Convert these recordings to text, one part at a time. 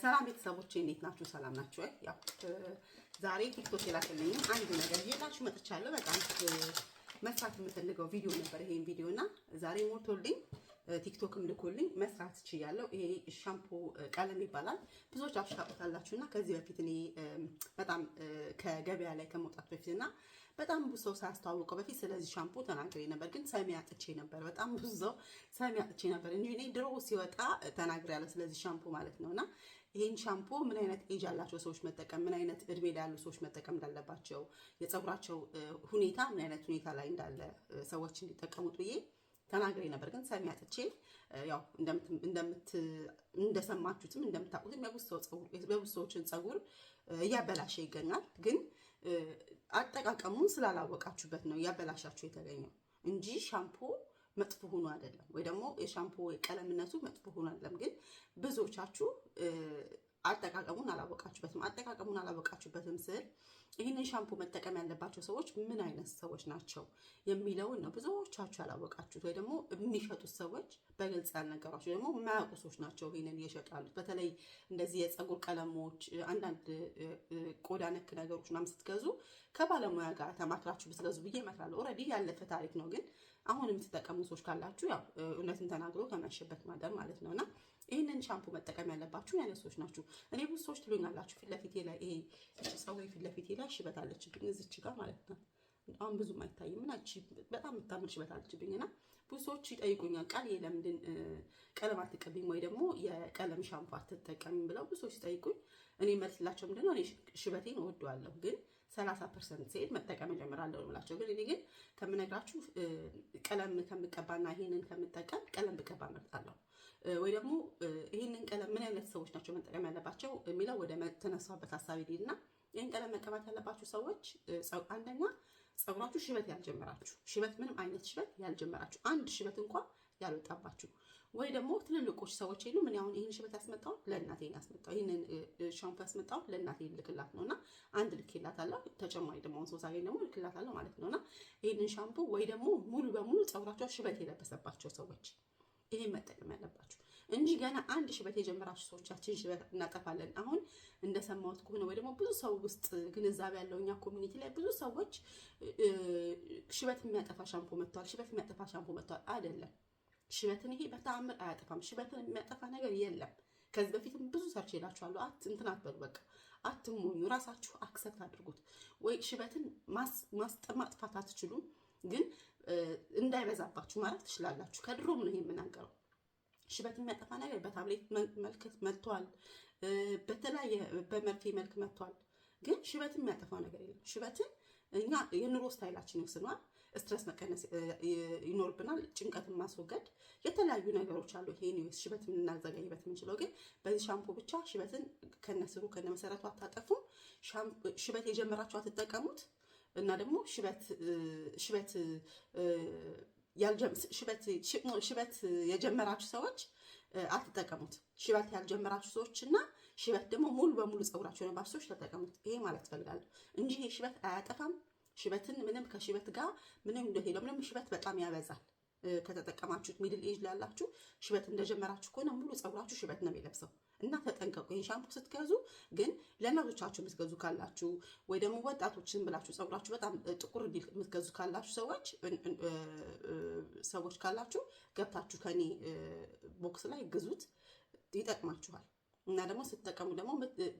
ሰላም ቤተሰቦቼ እንዴት ናችሁ? ሰላም ናችሁ ያው ዛሬ ቲክቶክ የላክልኝ አንድ ነገር ይዤላችሁ መጥቻለሁ። በጣም መስራት የምፈልገው ቪዲዮ ነበር ይሄን ቪዲዮ እና ዛሬ ሞልቶልኝ ቲክቶክም ልኮልኝ መስራት ያለው ይሄ ሻምፖ ቀለም ይባላል። ብዙዎች አብሽቃቁታላችሁ እና ከዚህ በፊት እኔ በጣም ከገበያ ላይ ከመውጣት በፊት እና በጣም ብዙ ሰው ሳያስተዋውቀው በፊት ስለዚህ ሻምፖ ተናግሬ ነበር፣ ግን ሰሚ አጥቼ ነበር። በጣም ብዙ ሰው ሰሚ አጥቼ ነበር እንጂ እኔ ድሮ ሲወጣ ተናግሬ ያለ ስለዚህ ሻምፖ ማለት ነው እና ይህን ሻምፖ ምን አይነት ኤጅ ያላቸው ሰዎች መጠቀም፣ ምን አይነት እድሜ ላይ ያሉ ሰዎች መጠቀም እንዳለባቸው፣ የፀጉራቸው ሁኔታ ምን አይነት ሁኔታ ላይ እንዳለ ሰዎች እንዲጠቀሙት ብዬ ተናግሬ ነበር። ግን ሰሚ አጥቼ ያው እንደሰማችሁትም እንደምታውቁትም የብዙ ሰዎችን ጸጉር እያበላሸ ይገኛል። ግን አጠቃቀሙን ስላላወቃችሁበት ነው እያበላሻችሁ የተገኘው እንጂ ሻምፖ መጥፎ ሆኖ አይደለም፣ ወይ ደግሞ የሻምፖ ቀለምነቱ መጥፎ ሆኖ አይደለም። ግን ብዙዎቻችሁ አጠቃቀሙን አላወቃችሁበትም። አጠቃቀሙን አላወቃችሁበትም ስል ይህንን ሻምፑ መጠቀም ያለባቸው ሰዎች ምን አይነት ሰዎች ናቸው የሚለውን ነው። ብዙዎቻችሁ ያላወቃችሁት ወይ ደግሞ የሚሸጡት ሰዎች በግልጽ ያልነገሯቸው ደግሞ የማያውቁ ሰዎች ናቸው ይህንን እየሸጡ ያሉት። በተለይ እንደዚህ የፀጉር ቀለሞች፣ አንዳንድ ቆዳ ነክ ነገሮች ምናምን ስትገዙ ከባለሙያ ጋር ተማክራችሁ ብትገዙ ብዬ እመክራለሁ። ኦልሬዲ ያለፈ ታሪክ ነው፣ ግን አሁን የምትጠቀሙ ሰዎች ካላችሁ ያው እውነትን ተናግሮ ከመሸበት ማደር ማለት ነውና ሻምፑ መጠቀም ያለባችሁ አይነት ሰዎች ናችሁ። እኔ ብዙ ሰዎች ትሉኛላችሁ፣ ፊት ለፊቴ ላይ ይሄ ፀጉሬ ፊት ለፊቴ ላይ ሽበት አለችብኝ እዚች ጋር ማለት ነው። አሁን ብዙም አይታይም እና በጣም የምታምር ሽበት አለችብኝ እና ብዙ ሰዎች ይጠይቁኛል፣ ቃል ለምንድን ቀለም አትቀቢም ወይ ደግሞ የቀለም ሻምፖ አትጠቀሚም ብለው ብዙ ሰዎች ይጠይቁኝ። እኔ መልስላቸው ምንድነው እኔ ሽበቴን እወደዋለሁ ግን ሰላሳ ፐርሰንት ሲሄድ መጠቀም እጀምራለሁ ብላቸው። ግን እኔ ግን ከምነግራችሁ ቀለም ከምቀባና ይህንን ከምጠቀም ቀለም ብቀባ መርጣለሁ። ወይ ደግሞ ይህንን ቀለም ምን አይነት ሰዎች ናቸው መጠቀም ያለባቸው የሚለው ወደ ተነሳበት ሀሳብ ሄድና ይህን ቀለም መቀባት ያለባችሁ ሰዎች አንደኛ ጸጉራችሁ ሽበት ያልጀመራችሁ፣ ሽበት ምንም አይነት ሽበት ያልጀመራችሁ፣ አንድ ሽበት እንኳን ያልወጣባችሁ ወይ ደግሞ ትልልቆች ሰዎች የሉም። ምን ያሁን ይህን ሽበት ያስመጣው ለእናቴ ያስመጣው ይህንን ሻምፖ ያስመጣው ለእናቴ ልክላት ነው እና አንድ ልክላት አለው። ተጨማሪ ደግሞ አሁን ሶስት ደግሞ ልክላት አለው ማለት ነው እና ይህንን ሻምፖ ወይ ደግሞ ሙሉ በሙሉ ጸጉራቸው ሽበት የለበሰባቸው ሰዎች ይህን መጠቀም ያለባችሁ እንጂ ገና አንድ ሽበት የጀመራችሁ ሰዎቻችን ሽበት እናጠፋለን። አሁን እንደሰማሁት ከሆነ ወይ ደግሞ ብዙ ሰው ውስጥ ግንዛቤ ያለው እኛ ኮሚኒቲ ላይ ብዙ ሰዎች ሽበት የሚያጠፋ ሻምፖ መጥተዋል፣ ሽበት የሚያጠፋ ሻምፖ መጥተዋል አይደለም። ሽበትን ይሄ በተአምር አያጠፋም። ሽበትን የሚያጠፋ ነገር የለም። ከዚህ በፊትም ብዙ ሰርች ሄዳችኋለሁ። አት እንትን አትበሉ፣ በቃ አትሞኙ። ራሳችሁ አክሰፕት አድርጉት። ወይ ሽበትን ማስጠማጥፋት አትችሉም፣ ግን እንዳይበዛባችሁ ማለት ትችላላችሁ። ከድሮም ነው የምናገረው። ሽበት የሚያጠፋ ነገር በታብሌት መልክ መጥቷል፣ በተለያየ በመርፌ መልክ መጥቷል። ግን ሽበትን የሚያጠፋው ነገር የለም። ሽበትን እኛ የኑሮ ስታይላችን ይወስነዋል። ስትረስ መቀነስ ይኖርብናል። ጭንቀትን ማስወገድ የተለያዩ ነገሮች አሉ። ይሄን ሽበት እናዘጋይበት የምንችለው ግን በዚህ ሻምፖ ብቻ ሽበትን ከነስሩ ከነመሰረቱ አታጠፉም። ሽበት የጀመራችሁ አትጠቀሙት እና ደግሞ ሽበት የጀመራችሁ ሰዎች አትጠቀሙት። ሽበት ያልጀመራችሁ ሰዎች እና ሽበት ደግሞ ሙሉ በሙሉ ፀጉራቸው የሆነባችሁ ሰዎች ተጠቀሙት። ይሄ ማለት ፈልጋለሁ እንጂ ይሄ ሽበት አያጠፋም። ሽበትን ምንም ከሽበት ጋር ምንም እንደሄለው ምንም ሽበት በጣም ያበዛል። ከተጠቀማችሁት ሚድል ኤጅ ላላችሁ ሽበት እንደጀመራችሁ ከሆነ ሙሉ ፀጉራችሁ ሽበት ነው የሚለብሰው እና ተጠንቀቁ። ይህን ሻምፑ ስትገዙ ግን ለእናቶቻችሁ የምትገዙ ካላችሁ ወይ ደግሞ ወጣቶችን ብላችሁ ፀጉራችሁ በጣም ጥቁር የምትገዙ ካላችሁ ሰዎች ሰዎች ካላችሁ ገብታችሁ ከኔ ቦክስ ላይ ግዙት፣ ይጠቅማችኋል። እና ደግሞ ስትጠቀሙ ደግሞ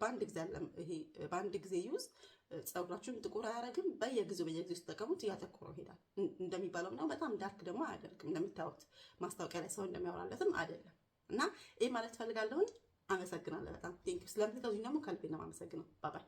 በአንድ ጊዜ ይሄ በአንድ ጊዜ ዩዝ ጸጉራችሁን ጥቁር አያደርግም። በየጊዜው በየጊዜው ስትጠቀሙት እያተኮረው ይሄዳል። እንደሚባለው ነው በጣም ዳርክ ደግሞ አያደርግም። እንደምታዩት ማስታወቂያ ላይ ሰው እንደሚያወራለትም አይደለም። እና ይህ ማለት ፈልጋለሁኝ። አመሰግናለሁ በጣም ቴንኪው ስለምትገዙኝ ደግሞ ከልቤ ነው አመሰግነው። ባባይ